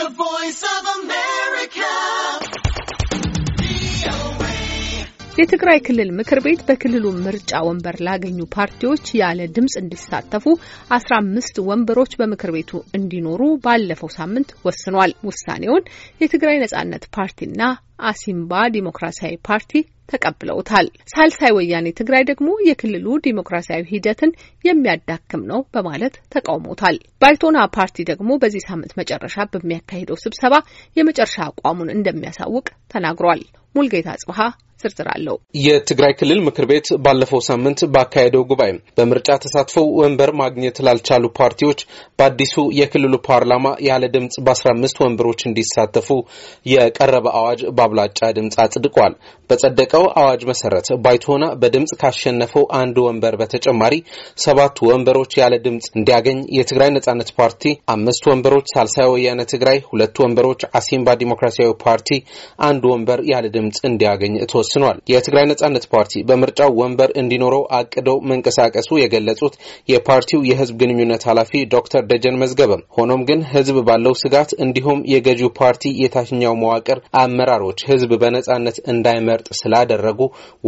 The Voice of America. የትግራይ ክልል ምክር ቤት በክልሉ ምርጫ ወንበር ላገኙ ፓርቲዎች ያለ ድምፅ እንዲሳተፉ አስራ አምስት ወንበሮች በምክር ቤቱ እንዲኖሩ ባለፈው ሳምንት ወስኗል። ውሳኔውን የትግራይ ነጻነት ፓርቲና አሲምባ ዲሞክራሲያዊ ፓርቲ ተቀብለውታል። ሳልሳይ ወያኔ ትግራይ ደግሞ የክልሉ ዲሞክራሲያዊ ሂደትን የሚያዳክም ነው በማለት ተቃውሞታል። ባይቶና ፓርቲ ደግሞ በዚህ ሳምንት መጨረሻ በሚያካሂደው ስብሰባ የመጨረሻ አቋሙን እንደሚያሳውቅ ተናግሯል። ሙልጌታ ጽብሃ ዝርዝር አለው። የትግራይ ክልል ምክር ቤት ባለፈው ሳምንት ባካሄደው ጉባኤ በምርጫ ተሳትፈው ወንበር ማግኘት ላልቻሉ ፓርቲዎች በአዲሱ የክልሉ ፓርላማ ያለ ድምፅ በ15 ወንበሮች እንዲሳተፉ የቀረበ አዋጅ በአብላጫ ድምፅ አጽድቋል። በጸደቀው አዋጅ መሰረት ባይቶና በድምፅ ካሸነፈው አንድ ወንበር በተጨማሪ ሰባቱ ወንበሮች ያለ ድምፅ እንዲያገኝ፣ የትግራይ ነጻነት ፓርቲ አምስት ወንበሮች፣ ሳልሳይ ወያነ ትግራይ ሁለት ወንበሮች፣ አሲምባ ዲሞክራሲያዊ ፓርቲ አንድ ወንበር ያለ ድምፅ ድምፅ እንዲያገኝ ተወስኗል። የትግራይ ነጻነት ፓርቲ በምርጫው ወንበር እንዲኖረው አቅደው መንቀሳቀሱ የገለጹት የፓርቲው የህዝብ ግንኙነት ኃላፊ ዶክተር ደጀን መዝገበም ሆኖም ግን ህዝብ ባለው ስጋት እንዲሁም የገዢው ፓርቲ የታችኛው መዋቅር አመራሮች ህዝብ በነጻነት እንዳይመርጥ ስላደረጉ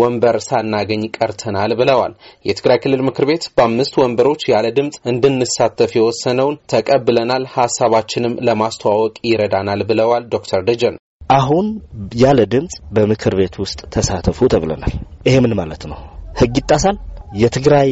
ወንበር ሳናገኝ ቀርተናል ብለዋል። የትግራይ ክልል ምክር ቤት በአምስት ወንበሮች ያለ ድምፅ እንድንሳተፍ የወሰነውን ተቀብለናል፣ ሀሳባችንም ለማስተዋወቅ ይረዳናል ብለዋል ዶክተር ደጀን አሁን ያለ ድምፅ በምክር ቤት ውስጥ ተሳተፉ ተብለናል። ይሄ ምን ማለት ነው? ህግ ይጣሳል? የትግራይ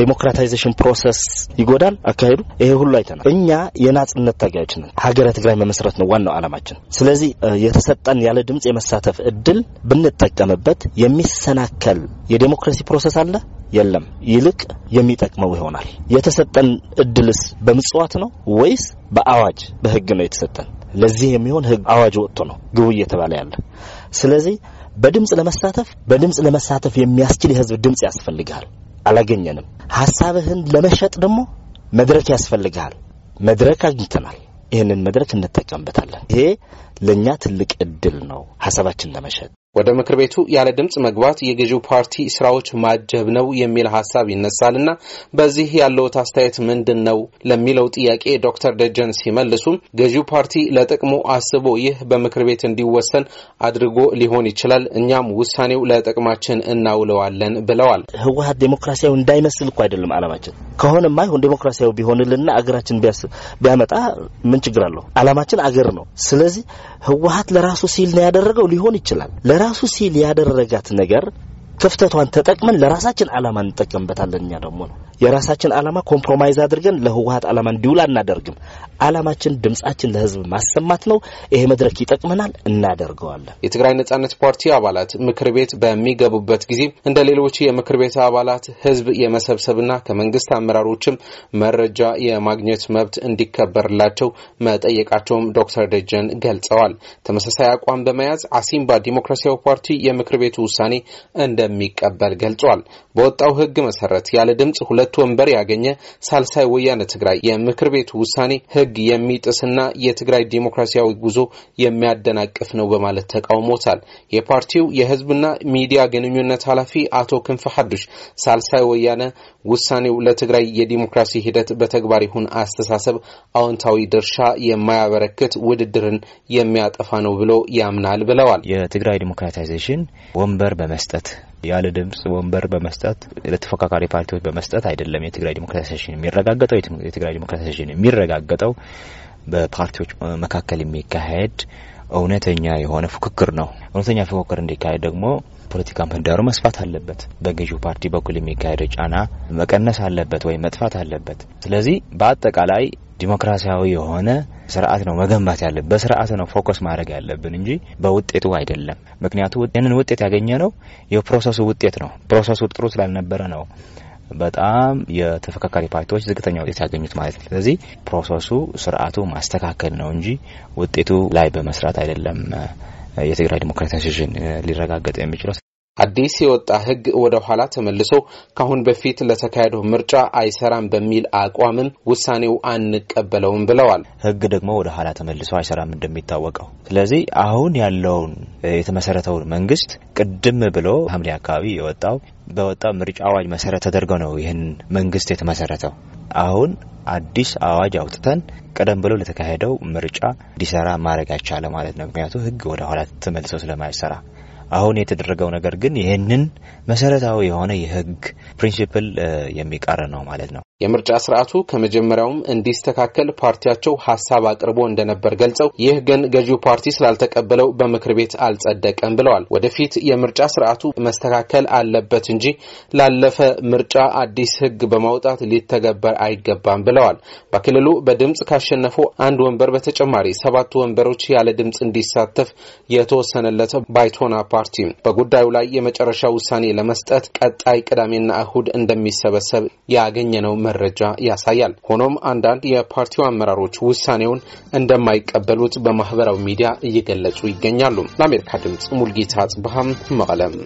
ዴሞክራታይዜሽን ፕሮሰስ ይጎዳል አካሄዱ። ይሄ ሁሉ አይተናል። እኛ የናጽነት ታጋዮች ነን። ሀገረ ትግራይ መመስረት ነው ዋናው አላማችን። ስለዚህ የተሰጠን ያለ ድምፅ የመሳተፍ እድል ብንጠቀምበት የሚሰናከል የዴሞክራሲ ፕሮሰስ አለ የለም። ይልቅ የሚጠቅመው ይሆናል። የተሰጠን እድልስ በምጽዋት ነው ወይስ በአዋጅ በህግ ነው የተሰጠን? ለዚህ የሚሆን ህግ አዋጅ ወጥቶ ነው ግቡ እየተባለ ያለ። ስለዚህ በድምፅ ለመሳተፍ በድምፅ ለመሳተፍ የሚያስችል የህዝብ ድምፅ ያስፈልግሃል። አላገኘንም። ሀሳብህን ለመሸጥ ደግሞ መድረክ ያስፈልግሃል። መድረክ አግኝተናል። ይህንን መድረክ እንጠቀምበታለን። ይሄ ለእኛ ትልቅ እድል ነው፣ ሀሳባችን ለመሸጥ ወደ ምክር ቤቱ ያለ ድምፅ መግባት የገዢው ፓርቲ ስራዎች ማጀብ ነው የሚል ሀሳብ ይነሳልና በዚህ ያለውት አስተያየት ምንድን ነው ለሚለው ጥያቄ ዶክተር ደጀን ሲመልሱም ገዢው ፓርቲ ለጥቅሙ አስቦ ይህ በምክር ቤት እንዲወሰን አድርጎ ሊሆን ይችላል። እኛም ውሳኔው ለጥቅማችን እናውለዋለን ብለዋል። ህወሀት ዴሞክራሲያዊ እንዳይመስል እኮ አይደለም አላማችን። ከሆነ ማይሆን ዴሞክራሲያዊ ቢሆንልና አገራችን ቢያመጣ ምን ችግር አለው? አላማችን አገር ነው። ስለዚህ ህወሀት ለራሱ ሲል ነው ያደረገው ሊሆን ይችላል ለራሱ ሲል ያደረጋት ነገር ክፍተቷን ተጠቅመን ለራሳችን ዓላማ እንጠቀምበታለን። እኛ ደግሞ ነው የራሳችን ዓላማ ኮምፕሮማይዝ አድርገን ለህወሀት ዓላማ እንዲውል አናደርግም። አላማችን ድምጻችን ለህዝብ ማሰማት ነው። ይሄ መድረክ ይጠቅመናል፣ እናደርገዋለን። የትግራይ ነጻነት ፓርቲ አባላት ምክር ቤት በሚገቡበት ጊዜ እንደ ሌሎች የምክር ቤት አባላት ህዝብ የመሰብሰብና ከመንግስት አመራሮችም መረጃ የማግኘት መብት እንዲከበርላቸው መጠየቃቸውም ዶክተር ደጀን ገልጸዋል። ተመሳሳይ አቋም በመያዝ አሲምባ ዲሞክራሲያዊ ፓርቲ የምክር ቤቱ ውሳኔ እንደሚቀበል ገልጿል። በወጣው ህግ መሰረት ያለ ድምጽ ሁለት ሁለት ወንበር ያገኘ ሳልሳይ ወያነ ትግራይ የምክር ቤቱ ውሳኔ ህግ የሚጥስና የትግራይ ዲሞክራሲያዊ ጉዞ የሚያደናቅፍ ነው በማለት ተቃውሞታል። የፓርቲው የህዝብና ሚዲያ ግንኙነት ኃላፊ አቶ ክንፈ ሐዱሽ ሳልሳይ ወያነ ውሳኔው ለትግራይ የዲሞክራሲ ሂደት በተግባር ይሁን አስተሳሰብ አዎንታዊ ድርሻ የማያበረክት ውድድርን የሚያጠፋ ነው ብሎ ያምናል ብለዋል። የትግራይ ዲሞክራታይዜሽን ወንበር በመስጠት ያለ ድምጽ ወንበር በመስጠት ለተፎካካሪ ፓርቲዎች በመስጠት አይደለም የትግራይ ዲሞክራታይዜሽን የሚረጋገጠው። የትግራይ ዲሞክራታይዜሽን የሚረጋገጠው በፓርቲዎች መካከል የሚካሄድ እውነተኛ የሆነ ፉክክር ነው። እውነተኛ ፉክክር እንዲካሄድ ደግሞ ፖለቲካ ምህዳሩ መስፋት አለበት። በገዢው ፓርቲ በኩል የሚካሄደው ጫና መቀነስ አለበት ወይም መጥፋት አለበት። ስለዚህ በአጠቃላይ ዲሞክራሲያዊ የሆነ ስርዓት ነው መገንባት ያለብን። በስርዓት ነው ፎከስ ማድረግ ያለብን እንጂ በውጤቱ አይደለም። ምክንያቱ ይህንን ውጤት ያገኘ ነው የፕሮሰሱ ውጤት ነው። ፕሮሰሱ ጥሩ ስላልነበረ ነው በጣም የተፈካካሪ ፓርቲዎች ዝቅተኛ ውጤት ያገኙት ማለት ነው። ስለዚህ ፕሮሰሱ ስርዓቱ ማስተካከል ነው እንጂ ውጤቱ ላይ በመስራት አይደለም የትግራይ ዲሞክራሲያይዜሽን ሊረጋገጥ የሚችለው። አዲስ የወጣ ህግ ወደ ኋላ ተመልሶ ከአሁን በፊት ለተካሄደው ምርጫ አይሰራም በሚል አቋምም ውሳኔው አንቀበለውም ብለዋል። ህግ ደግሞ ወደ ኋላ ተመልሶ አይሰራም እንደሚታወቀው። ስለዚህ አሁን ያለውን የተመሰረተውን መንግስት ቅድም ብሎ ሐምሌ አካባቢ የወጣው በወጣው ምርጫ አዋጅ መሰረት ተደርገው ነው ይህን መንግስት የተመሰረተው። አሁን አዲስ አዋጅ አውጥተን ቀደም ብሎ ለተካሄደው ምርጫ እንዲሰራ ማድረግ አይቻለ ማለት ነው። ምክንያቱ ህግ ወደ ኋላ ተመልሶ ስለማይሰራ አሁን የተደረገው ነገር ግን ይህንን መሰረታዊ የሆነ የህግ ፕሪንሲፕል uh, የሚቃረን ነው ማለት ነው። የምርጫ ስርዓቱ ከመጀመሪያውም እንዲስተካከል ፓርቲያቸው ሀሳብ አቅርቦ እንደነበር ገልጸው ይህ ግን ገዢው ፓርቲ ስላልተቀበለው በምክር ቤት አልጸደቀም ብለዋል። ወደፊት የምርጫ ስርዓቱ መስተካከል አለበት እንጂ ላለፈ ምርጫ አዲስ ህግ በማውጣት ሊተገበር አይገባም ብለዋል። በክልሉ በድምፅ ካሸነፉ አንድ ወንበር በተጨማሪ ሰባት ወንበሮች ያለ ድምፅ እንዲሳተፍ የተወሰነለት ባይቶና ፓርቲ በጉዳዩ ላይ የመጨረሻ ውሳኔ ለመስጠት ቀጣይ ቅዳሜና እሁድ እንደሚሰበሰብ ያገኘ ነው መረጃ ያሳያል። ሆኖም አንዳንድ የፓርቲው አመራሮች ውሳኔውን እንደማይቀበሉት በማህበራዊ ሚዲያ እየገለጹ ይገኛሉ። ለአሜሪካ ድምጽ ሙልጌታ ጽብሃም መቀለም